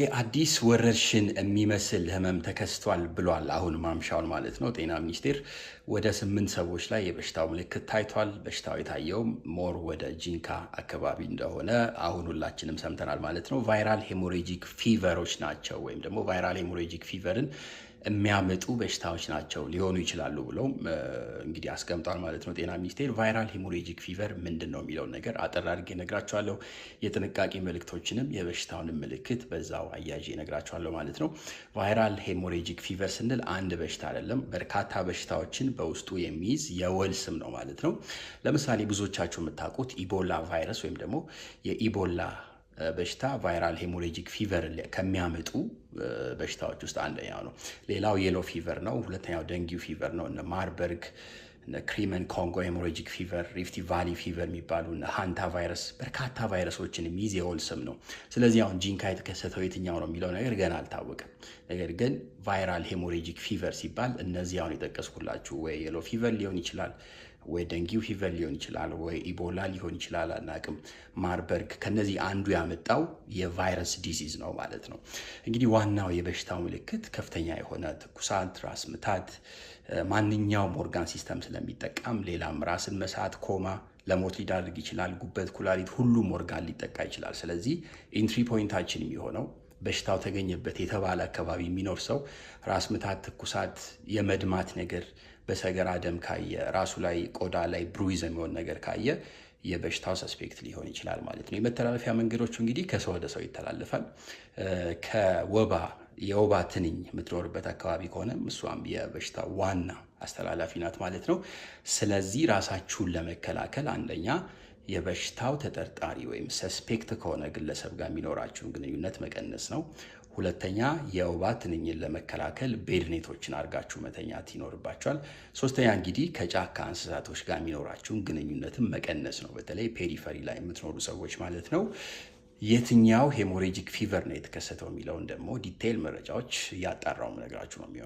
ኦኬ አዲስ ወረርሽን የሚመስል ህመም ተከስቷል ብሏል። አሁን ማምሻውን ማለት ነው ጤና ሚኒስቴር ወደ ስምንት ሰዎች ላይ የበሽታው ምልክት ታይቷል። በሽታው የታየውም ሞር ወደ ጂንካ አካባቢ እንደሆነ አሁን ሁላችንም ሰምተናል ማለት ነው። ቫይራል ሄሞሬጂክ ፊቨሮች ናቸው ወይም ደግሞ ቫይራል ሄሞሬጂክ ፊቨርን የሚያመጡ በሽታዎች ናቸው ሊሆኑ ይችላሉ ብለው እንግዲህ አስቀምጧል ማለት ነው። ጤና ሚኒስቴር ቫይራል ሄሞሬጂክ ፊቨር ምንድን ነው የሚለውን ነገር አጠር አድርጌ እነግራቸዋለሁ። የጥንቃቄ ምልክቶችንም የበሽታውንም ምልክት በዛው አያዥ እነግራቸዋለሁ ማለት ነው። ቫይራል ሄሞሬጂክ ፊቨር ስንል አንድ በሽታ አይደለም፣ በርካታ በሽታዎችን በውስጡ የሚይዝ የወል ስም ነው ማለት ነው። ለምሳሌ ብዙዎቻችሁ የምታውቁት ኢቦላ ቫይረስ ወይም ደግሞ የኢቦላ በሽታ ቫይራል ሄሞሬጂክ ፊቨር ከሚያመጡ በሽታዎች ውስጥ አንደኛው ነው። ሌላው የሎ ፊቨር ነው። ሁለተኛው ደንጊው ፊቨር ነው። እነ ማርበርግ ክሪመን ኮንጎ ሄሞሎጂክ ፊቨር፣ ሪፍቲ ቫሊ ፊቨር የሚባሉ ሃንታ ቫይረስ በርካታ ቫይረሶችን የሚይዝ የወል ስም ነው። ስለዚህ አሁን ጂንካ የተከሰተው የትኛው ነው የሚለው ነገር ገና አልታወቀም። ነገር ግን ቫይራል ሄሞሎጂክ ፊቨር ሲባል እነዚህ አሁን የጠቀስኩላችሁ ወይ የሎ ፊቨር ሊሆን ይችላል ወይ ደንጊው ፊቨር ሊሆን ይችላል፣ ወይ ኢቦላ ሊሆን ይችላል፣ አናቅም። ማርበርግ ከነዚህ አንዱ ያመጣው የቫይረስ ዲዚዝ ነው ማለት ነው። እንግዲህ ዋናው የበሽታው ምልክት ከፍተኛ የሆነ ትኩሳት፣ ራስ ምታት፣ ማንኛውም ኦርጋን ሲስተም ስለሚጠቃም ሌላም ራስን መሳት፣ ኮማ ለሞት ሊዳርግ ይችላል። ጉበት፣ ኩላሊት፣ ሁሉም ኦርጋን ሊጠቃ ይችላል። ስለዚህ ኢንትሪ ፖይንታችን የሚሆነው በሽታው ተገኘበት የተባለ አካባቢ የሚኖር ሰው ራስ ምታት፣ ትኩሳት፣ የመድማት ነገር በሰገራ ደም ካየ ራሱ ላይ ቆዳ ላይ ብሩይዝ የሚሆን ነገር ካየ የበሽታው ሰስፔክት ሊሆን ይችላል ማለት ነው። የመተላለፊያ መንገዶቹ እንግዲህ ከሰው ወደ ሰው ይተላለፋል። ከወባ የወባ ትንኝ የምትኖርበት አካባቢ ከሆነ እሷም የበሽታው ዋና አስተላላፊ ናት ማለት ነው። ስለዚህ ራሳችሁን ለመከላከል አንደኛ የበሽታው ተጠርጣሪ ወይም ሰስፔክት ከሆነ ግለሰብ ጋር የሚኖራችሁን ግንኙነት መቀነስ ነው። ሁለተኛ የወባ ትንኝን ለመከላከል ቤድኔቶችን አድርጋችሁ መተኛት ይኖርባቸዋል። ሶስተኛ እንግዲህ ከጫካ እንስሳቶች ጋር የሚኖራችሁን ግንኙነትን መቀነስ ነው። በተለይ ፔሪፈሪ ላይ የምትኖሩ ሰዎች ማለት ነው። የትኛው ሄሞሬጂክ ፊቨር ነው የተከሰተው የሚለውን ደግሞ ዲቴይል መረጃዎች እያጣራው ነገራችሁ ነው የሚሆነው።